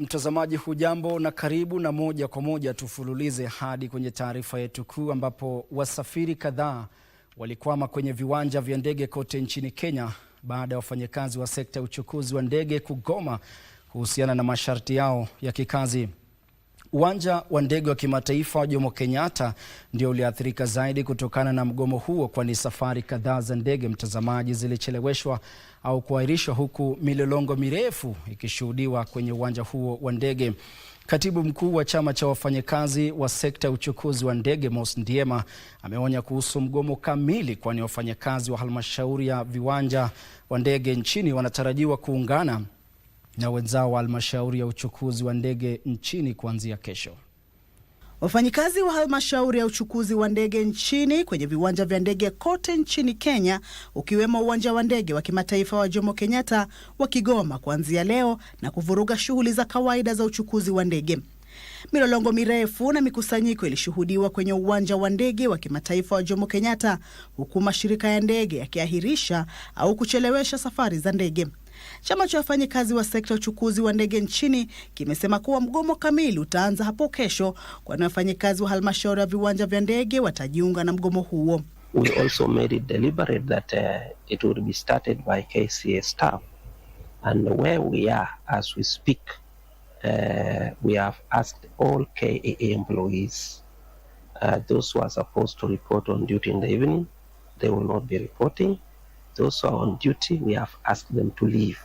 Mtazamaji hujambo na karibu, na moja kwa moja tufululize hadi kwenye taarifa yetu kuu, ambapo wasafiri kadhaa walikwama kwenye viwanja vya ndege kote nchini Kenya baada ya wafanyakazi wa sekta ya uchukuzi wa ndege kugoma kuhusiana na masharti yao ya kikazi. Uwanja wa ndege wa kimataifa wa Jomo Kenyatta ndio uliathirika zaidi kutokana na mgomo huo, kwani safari kadhaa za ndege mtazamaji zilicheleweshwa au kuahirishwa, huku milolongo mirefu ikishuhudiwa kwenye uwanja huo wa ndege. Katibu mkuu wa chama cha wafanyakazi wa sekta ya uchukuzi wa ndege Mos Ndiema ameonya kuhusu mgomo kamili, kwani wafanyakazi wa halmashauri ya viwanja wa ndege nchini wanatarajiwa kuungana na wenzao wa halmashauri ya uchukuzi wa ndege nchini kuanzia kesho. Wafanyikazi wa halmashauri ya uchukuzi wa ndege nchini kwenye viwanja vya ndege kote nchini Kenya, ukiwemo uwanja wa ndege wa kimataifa wa Jomo Kenyatta wakigoma kuanzia leo na kuvuruga shughuli za kawaida za uchukuzi wa ndege. Milolongo mirefu na mikusanyiko ilishuhudiwa kwenye uwanja wa ndege wa kimataifa wa Jomo Kenyatta, huku mashirika ya ndege yakiahirisha au kuchelewesha safari za ndege. Chama cha wafanyikazi wa sekta ya uchukuzi wa ndege nchini kimesema kuwa mgomo kamili utaanza hapo kesho, kwani wafanyikazi wa halmashauri ya viwanja vya ndege watajiunga na mgomo huo. We also made it deliberate that uh, it will be started by KCA staff and where we are as we speak uh, we have asked all KAA employees uh, those who are supposed to report on duty in the evening they will not be reporting those who are on duty, we have asked them to leave.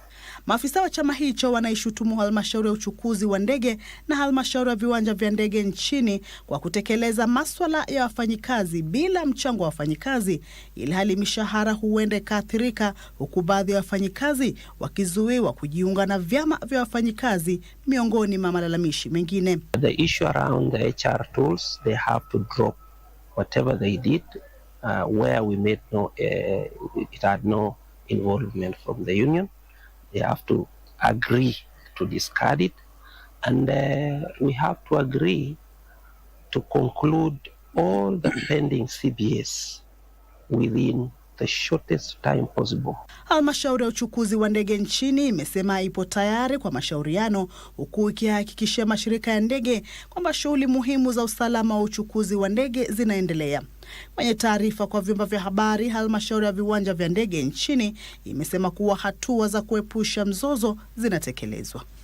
Maafisa wa chama hicho wanaishutumu halmashauri ya uchukuzi wa ndege na halmashauri ya viwanja vya ndege nchini kwa kutekeleza maswala ya wafanyikazi bila mchango wa wafanyikazi, ili hali mishahara huenda ikaathirika, huku baadhi ya wafanyikazi wakizuiwa kujiunga na vyama vya wafanyikazi, miongoni mwa malalamishi mengine. The issue around the HR tools, they have to drop whatever they did uh, where we made no, uh, it had no involvement from the union. They have to agree to discard it, and uh, we have to agree to conclude all the pending CBS within the shortest time possible. Halmashauri ya uchukuzi wa ndege nchini imesema ipo tayari kwa mashauriano huku ikihakikishia mashirika ya ndege kwamba shughuli muhimu za usalama wa uchukuzi wa ndege zinaendelea. Kwenye taarifa kwa vyombo vya habari, halmashauri ya viwanja vya ndege nchini imesema kuwa hatua za kuepusha mzozo zinatekelezwa.